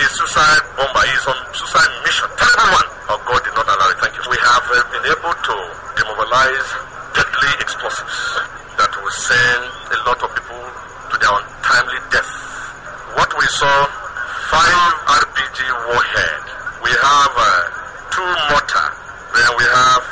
a suicide bomber. He's on suicide mission. Terrible one. Oh, God did not allow it. Thank you. We have uh, been able to demobilize deadly explosives that will send a lot of people to their untimely death. What we saw, five RPG warhead. We have uh, two mortar. Then we have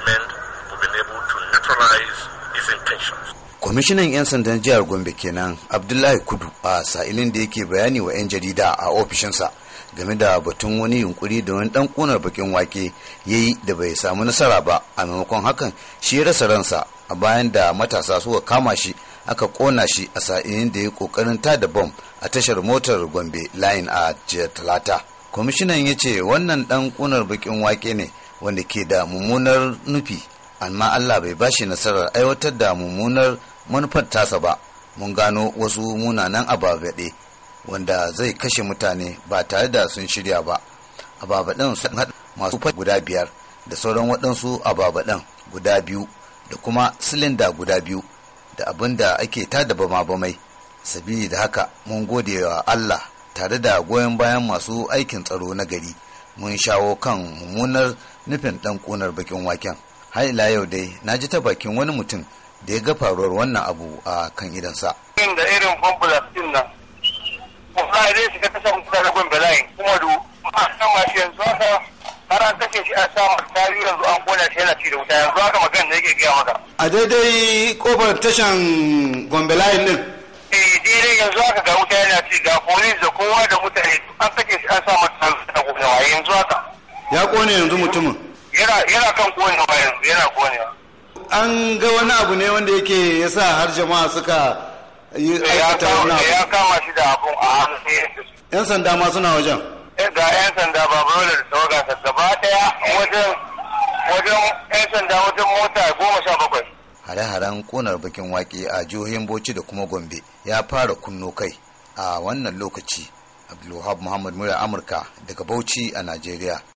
management we've be able to neutralize his intentions. kwamishinan 'yan sandan jihar gombe kenan abdullahi kudu a sa'ilin da yake bayani wa 'yan jarida a ofishinsa game da batun wani yunkuri da wani dan kunar bakin wake ya yi da bai samu nasara ba a maimakon hakan shi rasa ransa a bayan da matasa suka kama shi aka kona shi a sa'ilin da ya kokarin da bom a tashar motar gombe line a jiya talata kwamishinan ya ce wannan dan kunar bakin wake ne wanda ke da mummunar nufi amma Allah bai bashi nasarar aiwatar da mummunar manufar tasa ba mun gano wasu munanan ababaɗe wanda zai kashe mutane ba tare da sun shirya ba ababaɗen sun haɗa masu fat guda biyar da sauran waɗansu ababaɗen guda biyu da kuma silinda guda biyu da abin da ake tada bama bamai sabili da haka mun gode wa Allah tare da goyon bayan masu aikin tsaro na gari mun shawo kan mummunar nufin ɗan ƙunar bakin waken har ila yau dai na ji ta bakin wani mutum da ya ga faruwar wannan abu a kan idansa. da irin fambulas din nan wallahi zai shiga kasar kusa da gombe layin kuma du ma'ana masu yanzu haka har an kashe shi a samun tari yanzu an kona shi yana ci da wuta yanzu haka magana da yake gaya maka. a daidai kofar tashan gombe layin din. eh daidai yanzu haka ga wuta yana ci ga polis da kowa da ya kone yanzu mutumin yana kan ba yanzu yana kone. an ga wani abu ne wanda yake ya sa har jama'a suka yi aikata wani abu ya kama shi da abun a hannu yan sanda ma suna wajen eh, ga yan sanda ba bawai da tawaga sa gaba daya wajen wajen yan sanda wajen mota goma sha bakwai hare-haren konar bakin wake a jihohin bauchi da kuma gombe ya fara kunno kai a wannan lokaci abdulwahab muhammad mura amurka daga bauchi a najeriya